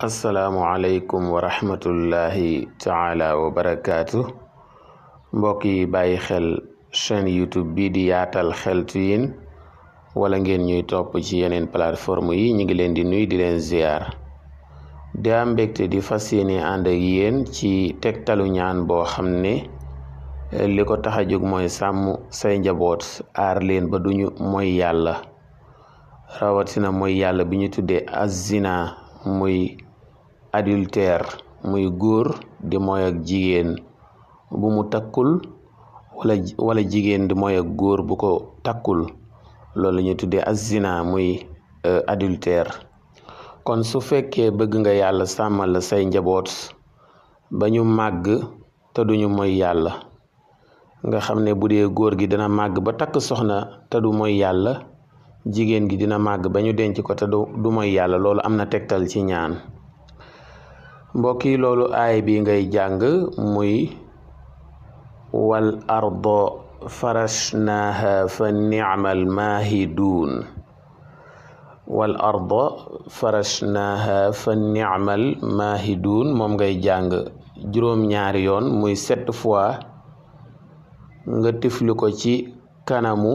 asalaamualeykum wa rahmatullahi taala wa barakaatu mbokk yi bàyyi xel chaîne youtube bi di yaatal xeltu yin wala ngeen ñuy topp ci yeneen plateforme yi ñu ngi leen di nuy di leen ziar di am mbégte di fas yéene ànd ci tegtalu ñaan boo xam ne li ko tax a jóg mooy sàmm say njaboot aar leen ba duñu mooy yàlla rawatina mooy yàlla bi ñu tuddee azina muy adultère muy góor di mooy ak jigéen bu mu takkul walla jigéen di mooy ak góor bu ko takkul loolu la tuddee azina muy euh, adultère kon su fekkee bëgg nga yàlla sàmmal la say njaboot ba ñu màgg te duñu mooy yàlla nga xam ne bu dee góor gi dina màgg ba takk soxna te du mooy yàlla jigéen gi dina màgg ba ñu denc ko te du mooy yàlla loolu am na tegtal ci ñaan mbokk yi loolu aay bi ngay jàng muy wal ardo farashnaaha fa ni'mal maahiduun wal ardo farashnaaha fa ni'mal maahiduun moom ngay jàng juróom ñaari yoon muy sept fois nga tifli ko ci kanamu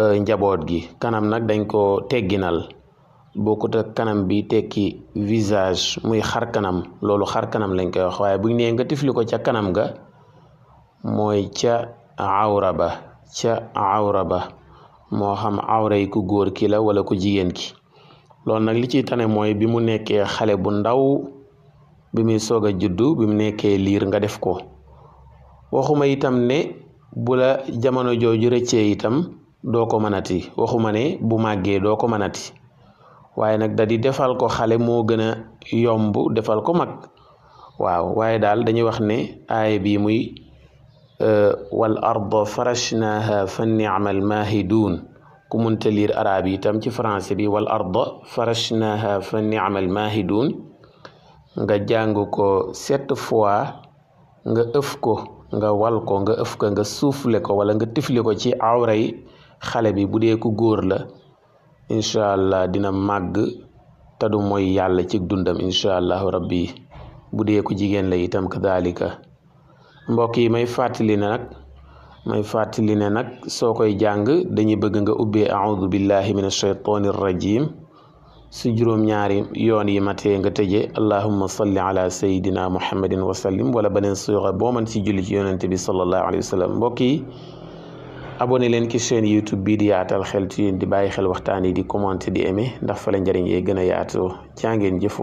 euh, njaboot gi kanam nag dañ ko tegginal bokkut ak kanam bi tekki visage muy xar kanam loolu xar kanam lañ koy waaye buñ nee nga tifli ko ca kanam ga mooy ca awra ba ca ba moo xam awra ku góor ki wala ku jigéen ki loolu nag li ciy tane mooy bi mu nekkee xale bu ndaw bi muy soog a juddu bi mu nekkee liir nga def ko waxuma itam ne bu la jamono jooju rëccee itam doo ko mënati waxuma ne bu màggee doo ko mënati waaye nag da defal ko xale moo gën a yomb defal ko mag waaw waaye daal dañuy wax ne aaya bii muy euh, wal arda farashnaha fa ni'mal mahidun ku munta liir araab yi tam ci français bi wal arda farashnaha fa ni'mal mahidun nga jàng ko sept fois nga ëf ko nga wal ko nga ëf ko nga suufle ko wala nga tifli ko ci yi xale bi bu dee ku góor la incha allah dina màgg te du mooy yàlla ci dundam incha allahu rabbi bu dee ko jigéen la itam kadalika mbokk yi may fàttali ne nag may fàttali ne nag soo koy jàng dañuy bëgg nga ubbee audu billahi min ashaytaani rajim su juróom-ñaari yoon yi matee nga tëje allahumma salli ala sayidina muhammadin wa sallim wala beneen suura boo man ci julli ci yonente bi sallallahu alayhi wa sallam mbokk yi abone leen ci chaîne YouTube bii di yaatal xel ci yéen di bàyyi xel waxtaan yi di commenté di aimé ndax fa la njëriñ yee gën a yaatoo jaa ngeen jëf